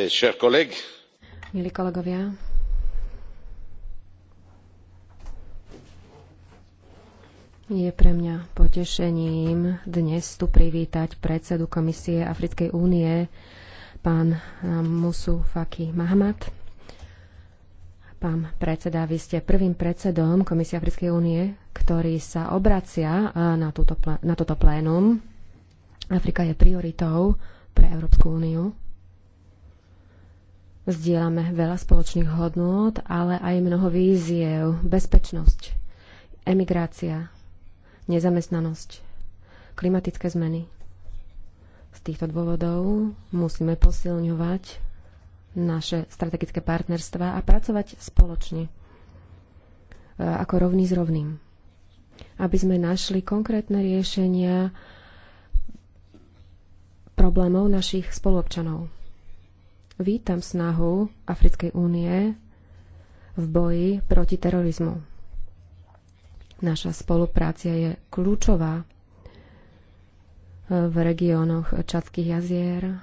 Eh, Milí kolegovia, je pre mňa potešením dnes tu privítať predsedu Komisie Africkej únie, pán eh, Musu Faki Mahamat. Pán predseda, vy ste prvým predsedom Komisie Africkej únie, ktorý sa obracia eh, na, túto, na toto plénum. Afrika je prioritou pre Európsku úniu. Zdieľame veľa spoločných hodnôt, ale aj mnoho víziev. Bezpečnosť, emigrácia, nezamestnanosť, klimatické zmeny. Z týchto dôvodov musíme posilňovať naše strategické partnerstva a pracovať spoločne e, ako rovný s rovným. Aby sme našli konkrétne riešenia problémov našich spoluobčanov vítam snahu Africkej únie v boji proti terorizmu. Naša spolupráca je kľúčová v regiónoch Čadských jazier,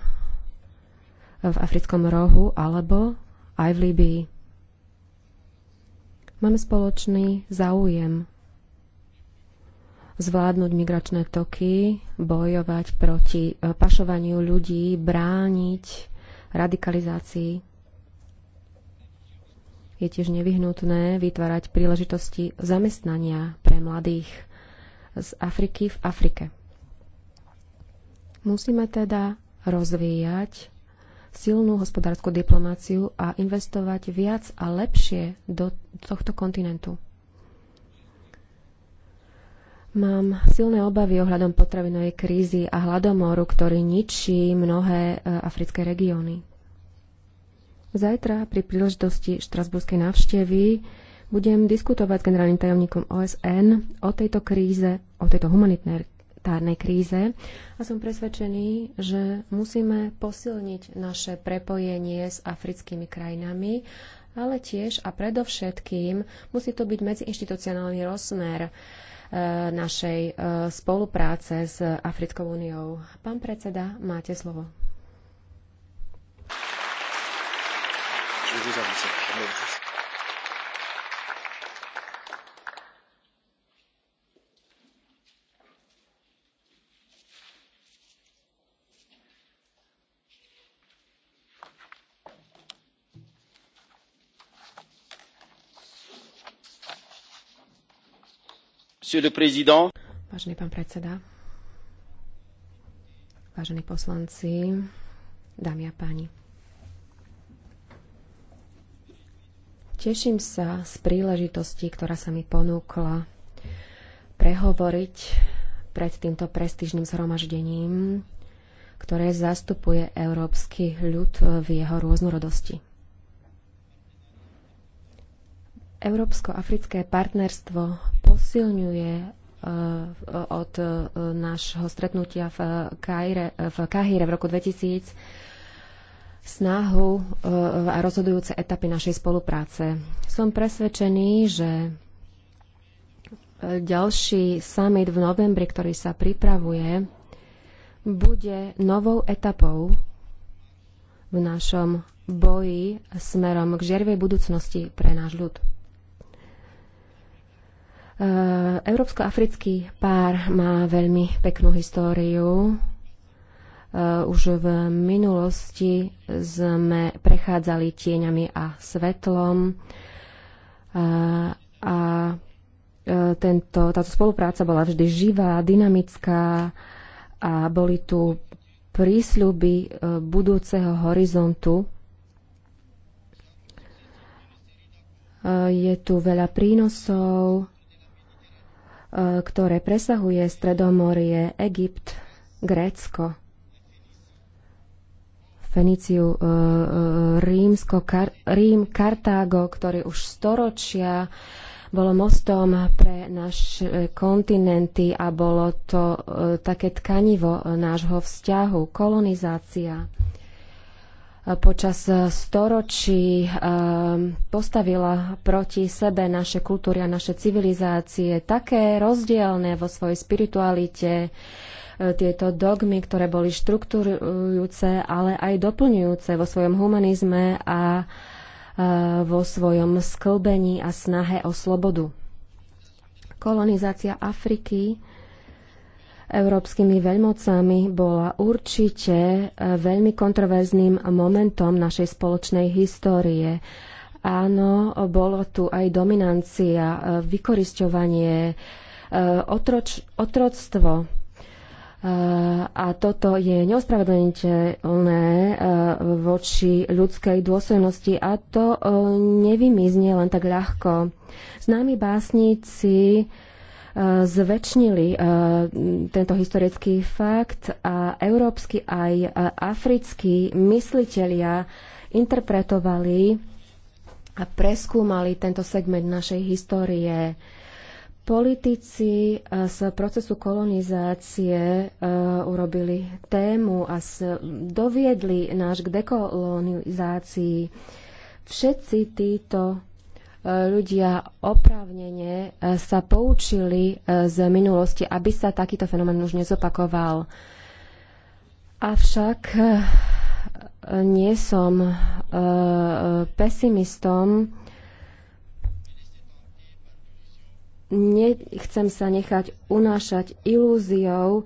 v Africkom rohu alebo aj v Líbii. Máme spoločný záujem zvládnuť migračné toky, bojovať proti pašovaniu ľudí, brániť radikalizácii. Je tiež nevyhnutné vytvárať príležitosti zamestnania pre mladých z Afriky v Afrike. Musíme teda rozvíjať silnú hospodárskú diplomáciu a investovať viac a lepšie do tohto kontinentu. Mám silné obavy ohľadom potravinovej krízy a hladomoru, ktorý ničí mnohé e, africké regióny. Zajtra pri príležitosti štrasburskej návštevy budem diskutovať s generálnym tajomníkom OSN o tejto kríze, o tejto humanitárnej kríze a som presvedčený, že musíme posilniť naše prepojenie s africkými krajinami, ale tiež a predovšetkým musí to byť medziinstitucionálny rozmer e, našej e, spolupráce s Africkou úniou. Pán predseda, máte slovo. monsieur le président Vážený pán predseda, vážení poslanci, dámy a páni. Teším sa z príležitosti, ktorá sa mi ponúkla prehovoriť pred týmto prestížnym zhromaždením, ktoré zastupuje európsky ľud v jeho rôznorodosti. Európsko-africké partnerstvo posilňuje eh, od eh, nášho stretnutia v Kahire, v Kahire v roku 2000 snahu e, a rozhodujúce etapy našej spolupráce. Som presvedčený, že e, ďalší summit v novembri, ktorý sa pripravuje, bude novou etapou v našom boji smerom k žiervej budúcnosti pre náš ľud. E, Európsko-africký pár má veľmi peknú históriu. Eh, už v minulosti sme prechádzali tieňami a svetlom eh, a eh, tento, táto spolupráca bola vždy živá, dynamická a boli tu prísľuby budúceho horizontu. Je tu veľa prínosov, ktoré presahuje Stredomorie, Egypt, Grécko. Feniciu, e, e, Rímsko, Kar- Rím, Kartágo, ktorý už storočia bolo mostom pre naše kontinenty a bolo to e, také tkanivo nášho vzťahu, kolonizácia počas storočí postavila proti sebe naše kultúry a naše civilizácie také rozdielne vo svojej spiritualite, E, tieto dogmy, ktoré boli štruktúrujúce, ale aj doplňujúce vo svojom humanizme a e, vo svojom sklbení a snahe o slobodu. Kolonizácia Afriky európskymi veľmocami bola určite e, veľmi kontroverzným momentom našej spoločnej histórie. Áno, bolo tu aj dominancia, vykorisťovanie, otroč, otroctvo. A toto je neospravedlniteľné eh, voči ľudskej dôsojnosti a to eh, nevymizne len tak ľahko. Známi básnici eh, zväčšnili tento historický fakt a európsky aj africkí myslitelia interpretovali a preskúmali tento segment našej histórie. Politici eh, z procesu kolonizácie eh, urobili tému a doviedli náš k dekolonizácii. Všetci títo eh, ľudia oprávnene sa poučili z minulosti, aby sa takýto fenomén už nezopakoval. Avšak nie som pesimistom, nechcem sa nechať unášať ilúziou, e,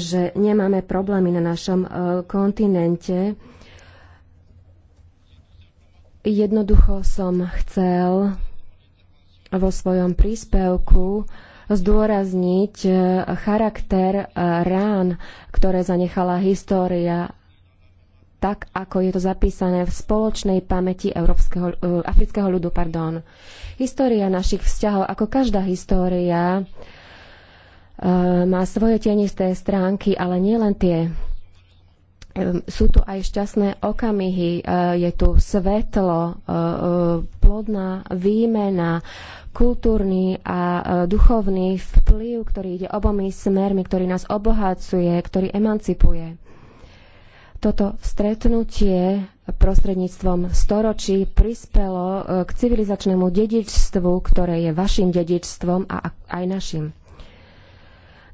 že nemáme problémy na našom e, kontinente. Jednoducho som chcel vo svojom príspevku zdôrazniť e, charakter rán, ktoré zanechala história tak, ako je to zapísané v spoločnej pamäti Európskeho, uh, afrického ľudu. Pardon. História našich vzťahov, ako každá história, uh, má svoje tienisté stránky, ale nielen tie. Um, sú tu aj šťastné okamihy, uh, je tu svetlo, plodná výmena, kultúrny a duchovný vplyv, ktorý ide obomi smermi, ktorý nás obohacuje, ktorý emancipuje. Toto stretnutie prostredníctvom storočí prispelo e, k civilizačnému dedičstvu, ktoré je vašim dedičstvom a aj našim.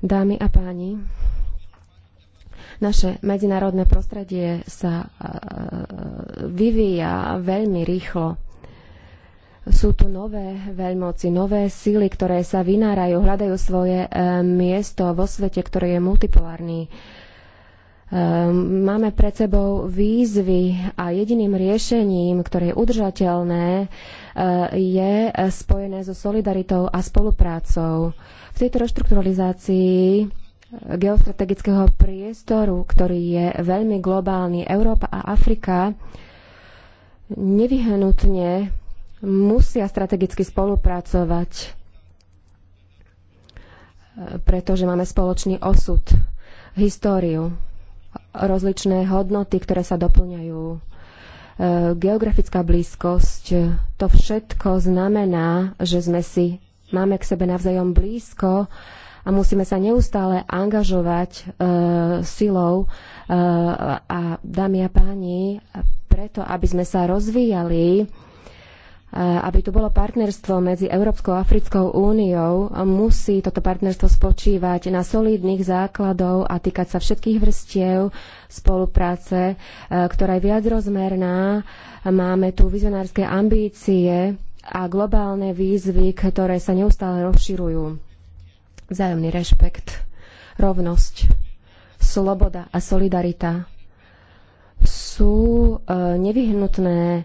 Dámy a páni, naše medzinárodné prostredie sa e, e, vyvíja veľmi rýchlo. Sú tu nové veľmoci, nové síly, ktoré sa vynárajú, hľadajú svoje miesto vo svete, ktoré je multipolárny Ehm, máme pred sebou výzvy a jediným riešením, ktoré je udržateľné, eh, je spojené so solidaritou a spoluprácou. V tejto reštrukturalizácii eh, geostrategického priestoru, ktorý je veľmi globálny, Európa a Afrika nevyhnutne musia strategicky spolupracovať, eh, pretože máme spoločný osud, históriu rozličné hodnoty, ktoré sa doplňajú. E, geografická blízkosť, to všetko znamená, že sme si, máme k sebe navzájom blízko a musíme sa neustále angažovať e, silou e, a dámy a páni, preto aby sme sa rozvíjali aby tu bolo partnerstvo medzi Európskou a Africkou úniou, musí toto partnerstvo spočívať na solidných základov a týkať sa všetkých vrstiev spolupráce, e, ktorá je viac rozmerná. Máme tu vizionárske ambície a globálne výzvy, ktoré sa neustále rozširujú. Vzájomný rešpekt, rovnosť, sloboda a solidarita sú e, nevyhnutné e,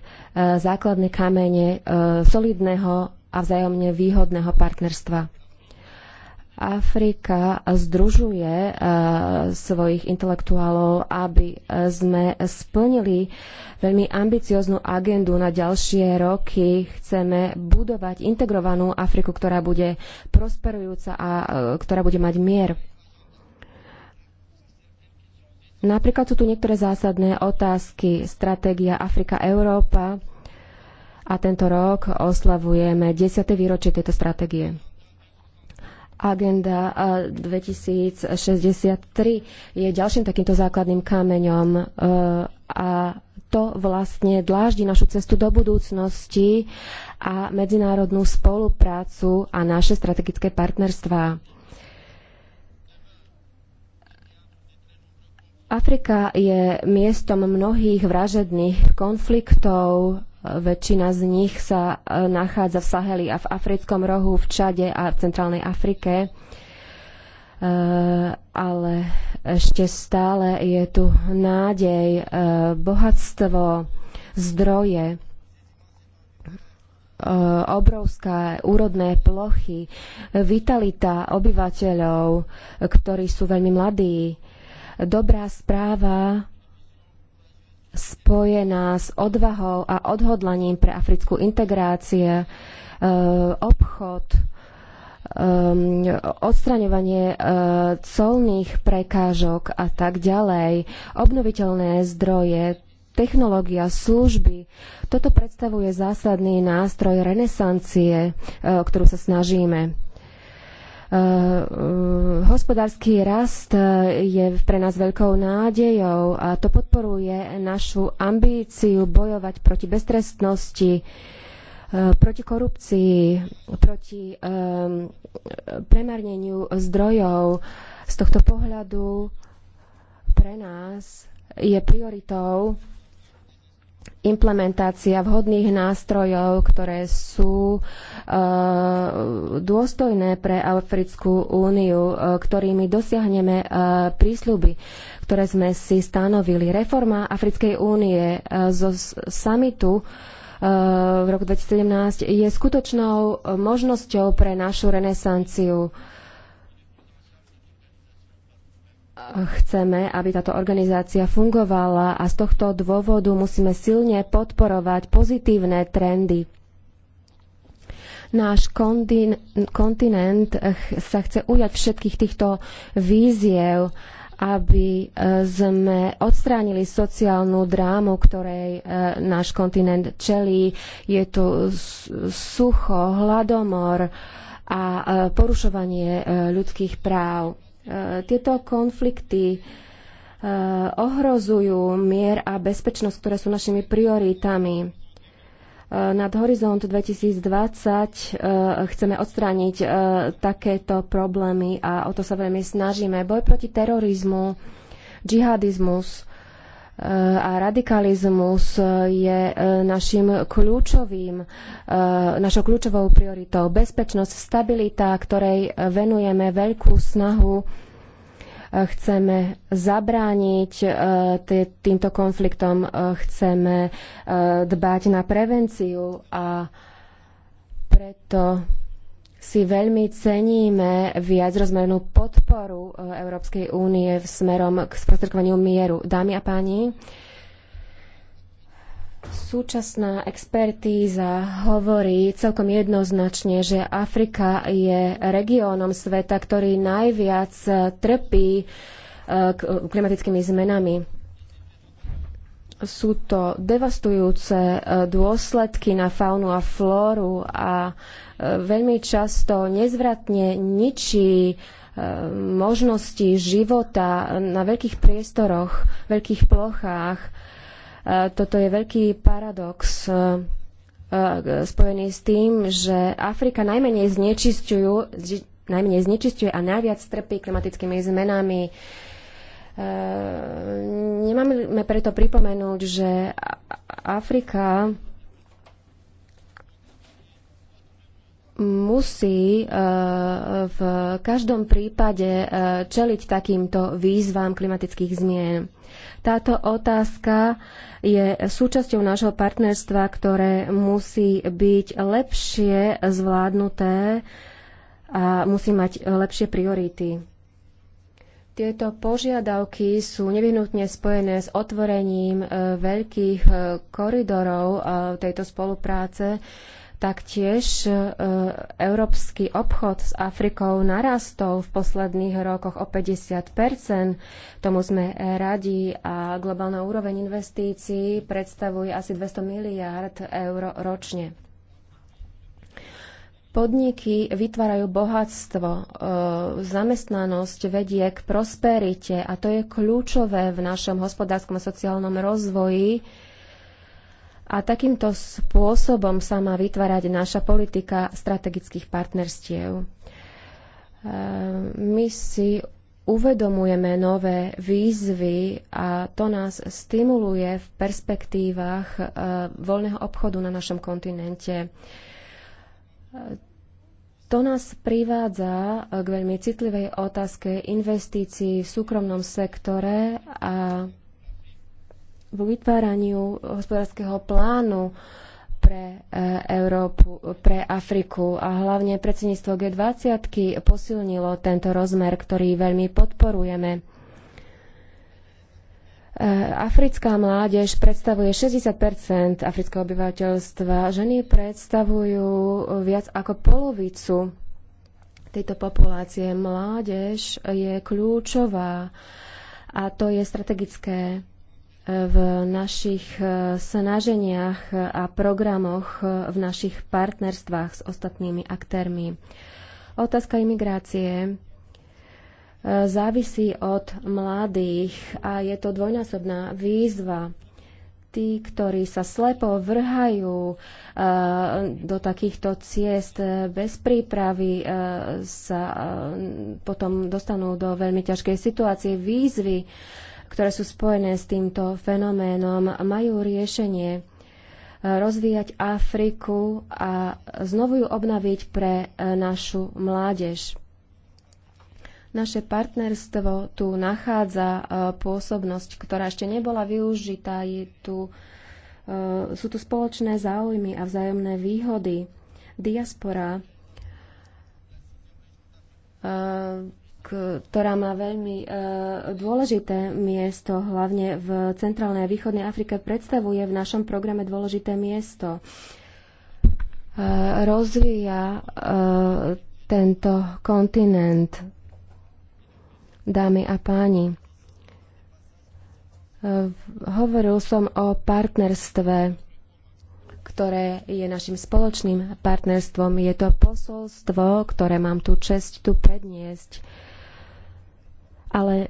základné kamene e, solidného a vzájomne výhodného partnerstva. Afrika združuje svojich intelektuálov, aby sme splnili veľmi ambicioznú agendu na ďalšie roky. Chceme budovať integrovanú Afriku, ktorá bude prosperujúca a ktorá bude mať mier. Napríklad sú tu niektoré zásadné otázky. Stratégia Afrika-Európa a tento rok oslavujeme 10. výročie tejto stratégie. Agenda 2063 eh, je ďalším takýmto základným kameňom eh, a to vlastne dláždi našu cestu do budúcnosti a medzinárodnú spoluprácu a naše strategické partnerstvá. Afrika je miestom mnohých vražedných konfliktov. Väčšina z nich sa e, nachádza v Saheli a v africkom rohu, v Čade a v centrálnej Afrike. E, ale ešte stále je tu nádej, e, bohatstvo, zdroje, obrovské úrodné plochy, vitalita obyvateľov, ktorí sú veľmi mladí Dobrá správa spojená s odvahou a odhodlaním pre africkú integrácie, e, obchod, e, odstraňovanie e, colných prekážok a tak ďalej, obnoviteľné zdroje, technológia, služby. Toto predstavuje zásadný nástroj renesancie, ktorú sa snažíme. Eh, eh, hospodársky rast eh, je pre nás veľkou nádejou a to podporuje našu ambíciu bojovať proti beztrestnosti, proti korupcii, proti premarneniu zdrojov. Z tohto pohľadu pre nás je prioritou implementácia vhodných nástrojov, ktoré sú e, dôstojné pre Africkú úniu, e, ktorými dosiahneme e, prísľuby, ktoré sme si stanovili. Reforma Africkej únie zo samitu v roku 2017 je skutočnou možnosťou pre našu renesanciu. chceme, aby táto organizácia fungovala a z tohto dôvodu musíme silne podporovať pozitívne trendy. Náš kontinent sa chce ujať všetkých týchto víziev, aby e, sme odstránili sociálnu drámu, ktorej e, náš kontinent čelí. Je tu sucho, hladomor a e, porušovanie ľudských práv. Eh, tieto konflikty eh, ohrozujú mier a bezpečnosť, ktoré sú našimi prioritami. Eh, nad horizont 2020 chceme odstrániť takéto problémy a o to sa veľmi snažíme. Boj proti terorizmu, džihadizmus, Eh, a radikalizmus eh, je eh, našim kľúčovým, našou kľúčovou prioritou. Bezpečnosť, stabilita, ktorej venujeme veľkú snahu, chceme zabrániť týmto konfliktom, chceme dbať na prevenciu a preto si veľmi ceníme viacrozmernú podporu e, Európskej únie v smerom k sprostredkovaniu mieru. Dámy a páni, súčasná expertíza hovorí celkom jednoznačne, že Afrika je regiónom sveta, ktorý najviac trpí e, klimatickými zmenami sú to devastujúce e, dôsledky na faunu a flóru a e, veľmi často nezvratne ničí e, možnosti života na veľkých priestoroch, veľkých plochách. Toto je veľký paradox spojený s tým, že Afrika najmenej znečisťuje, najmenej znečisťuje a najviac trpí klimatickými zmenami. E, nemáme preto pripomenúť, že Afrika musí e, v každom prípade e, čeliť takýmto výzvám klimatických zmien. Táto otázka je súčasťou nášho partnerstva, ktoré musí byť lepšie zvládnuté a musí mať lepšie priority. Tieto požiadavky sú nevyhnutne spojené s otvorením e, veľkých e, koridorov e, tejto spolupráce. Taktiež európsky obchod s Afrikou narastol v posledných rokoch o 50 Tomu sme radi a globálna úroveň investícií predstavuje asi 200 miliárd eur ročne. Podniky vytvárajú bohatstvo, e, zamestnanosť vedie k prosperite a to je kľúčové v našom hospodárskom a sociálnom rozvoji. A takýmto spôsobom sa má vytvárať naša politika strategických partnerstiev. E, my si uvedomujeme nové výzvy a to nás stimuluje v perspektívach e, voľného obchodu na našom kontinente. To nás privádza eh, k veľmi citlivej otázke investícií v súkromnom sektore a v vytváraniu hospodárskeho plánu pre eh, Európu, pre Afriku a hlavne predsedníctvo G20 posilnilo tento rozmer, ktorý veľmi podporujeme. Eh, africká mládež predstavuje 60 afrického obyvateľstva. Ženy predstavujú viac ako polovicu tejto populácie. Mládež je kľúčová a to je strategické eh, v našich eh, snaženiach a programoch v našich partnerstvách s ostatnými aktérmi. Otázka imigrácie závisí od mladých a je to dvojnásobná výzva. Tí, ktorí sa slepo vrhajú eh, do takýchto ciest eh, bez prípravy, eh, sa potom dostanú do veľmi ťažkej situácie. Výzvy, ktoré sú spojené s týmto fenoménom, majú riešenie rozvíjať Afriku a znovu ju obnaviť pre našu mládež. Naše partnerstvo tu nachádza e, pôsobnosť, ktorá ešte nebola využitá. Je tu, e, sú tu spoločné záujmy a vzájomné výhody. Diaspora, e, ktorá má veľmi dôležité miesto, hlavne v centrálnej a východnej Afrike, predstavuje v našom programe dôležité miesto. Rozvíja tento kontinent dámy a páni. E, hovoril som o partnerstve, ktoré je našim spoločným partnerstvom. Je to posolstvo, ktoré mám tu čest tu predniesť. Ale e,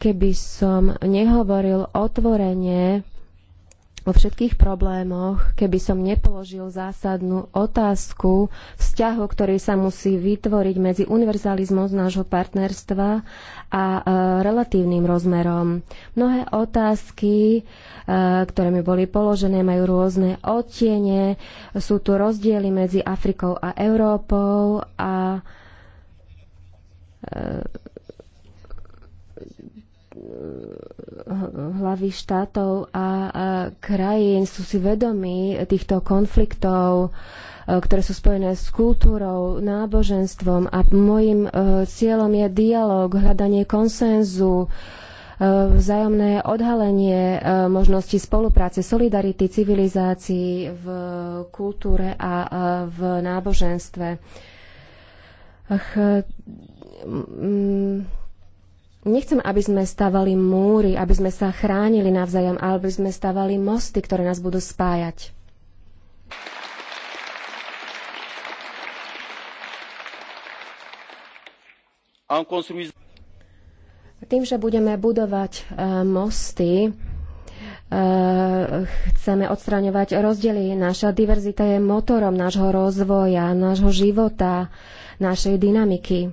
keby som nehovoril otvorene o všetkých problémoch, keby som nepoložil zásadnú otázku vzťahu, ktorý sa musí vytvoriť medzi univerzalizmom z nášho partnerstva a e, relatívnym rozmerom. Mnohé otázky, e, ktoré mi boli položené, majú rôzne odtiene, sú tu rozdiely medzi Afrikou a Európou a e, Eh, hlavy štátov a, krajín sú si vedomí týchto konfliktov, eh, ktoré sú spojené s kultúrou, náboženstvom a môjim eh, cieľom je dialog, hľadanie konsenzu, vzájomné odhalenie možností spolupráce, solidarity, civilizácií v kultúre a v náboženstve. Ach, Nechcem, aby sme stavali múry, aby sme sa chránili navzájom, ale aby sme stavali mosty, ktoré nás budú spájať. Tým, že budeme budovať e, mosty, e, chceme odstraňovať rozdiely. Naša diverzita je motorom nášho rozvoja, nášho života, našej dynamiky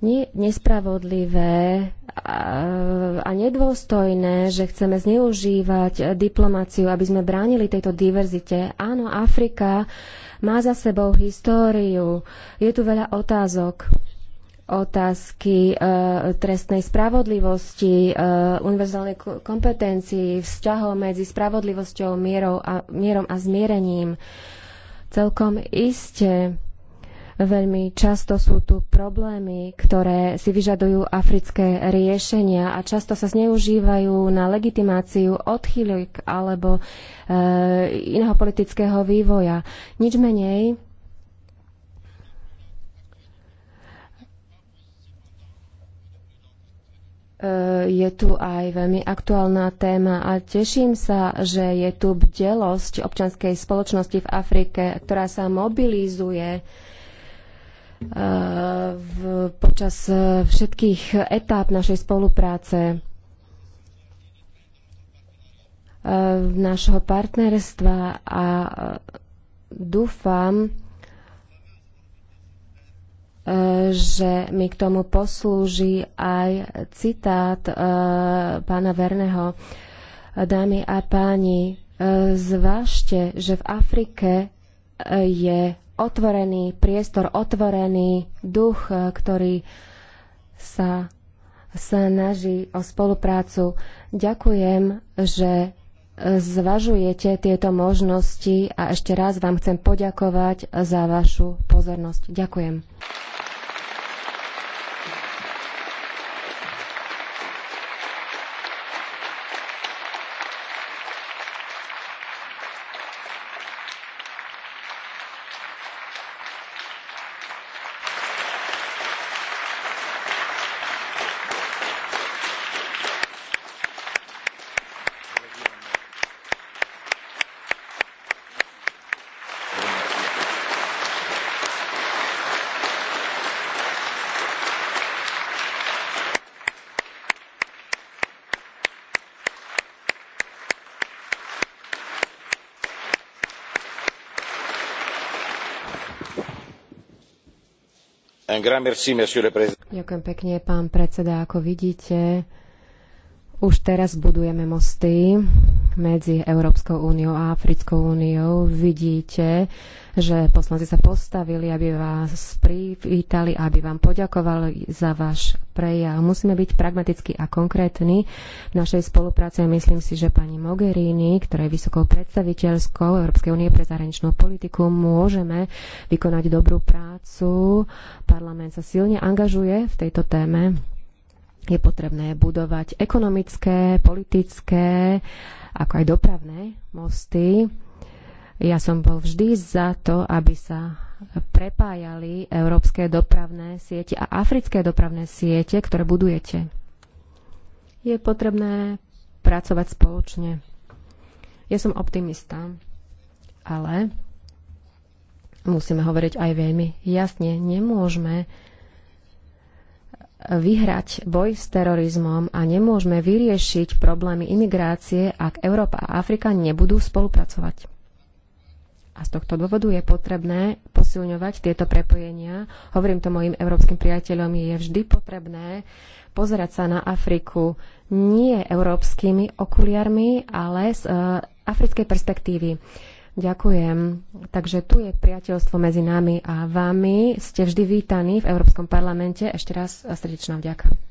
nie, nespravodlivé a nedôstojné, že chceme zneužívať diplomáciu, aby sme bránili tejto diverzite. Áno, Afrika má za sebou históriu. Je tu veľa otázok otázky e, trestnej spravodlivosti, e, univerzálnej kompetencii, vzťahov medzi spravodlivosťou, mierou a, mierom a zmierením. Celkom iste Veľmi často sú tu problémy, ktoré si vyžadujú africké riešenia a často sa zneužívajú na legitimáciu odchýľok alebo e, iného politického vývoja. Nič menej e, je tu aj veľmi aktuálna téma a teším sa, že je tu bdelosť občanskej spoločnosti v Afrike, ktorá sa mobilizuje uh, v, počas eh, všetkých etáp našej spolupráce eh, nášho partnerstva a eh, dúfam, že mi k tomu poslúži aj citát pána Verného. Dámy a páni, zvážte, že v Afrike je otvorený priestor, otvorený duch, e, ktorý sa snaží o spoluprácu. Ďakujem, že e, zvažujete tieto možnosti a ešte raz vám chcem poďakovať za vašu pozornosť. Ďakujem. Ďakujem pekne, pán predseda. Ako vidíte, už teraz budujeme mosty medzi Európskou úniou a Africkou úniou. Vidíte, že poslanci sa postavili, aby vás privítali, aby vám poďakovali za váš prejav. Musíme byť pragmatickí a konkrétni v našej spolupráci. Myslím si, že pani Mogherini, ktorá je vysokou predstaviteľskou Európskej únie pre zahraničnú politiku, môžeme vykonať dobrú prácu. Parlament sa silne angažuje v tejto téme je potrebné budovať ekonomické, politické, ako aj dopravné mosty. Ja som bol vždy za to, aby sa prepájali európske dopravné siete a africké dopravné siete, ktoré budujete. Je potrebné pracovať spoločne. Ja som optimista, ale musíme hovoriť aj veľmi jasne. Nemôžeme vyhrať boj s terorizmom a nemôžeme vyriešiť problémy imigrácie, ak Európa a Afrika nebudú spolupracovať. A z tohto dôvodu je potrebné posilňovať tieto prepojenia. Hovorím to mojim európskym priateľom, je vždy potrebné pozerať sa na Afriku nie európskymi okuliarmi, ale z uh, africkej perspektívy. Ďakujem. Takže tu je priateľstvo medzi nami a vami. Ste vždy vítaní v Európskom parlamente. Ešte raz srdečná vďaka.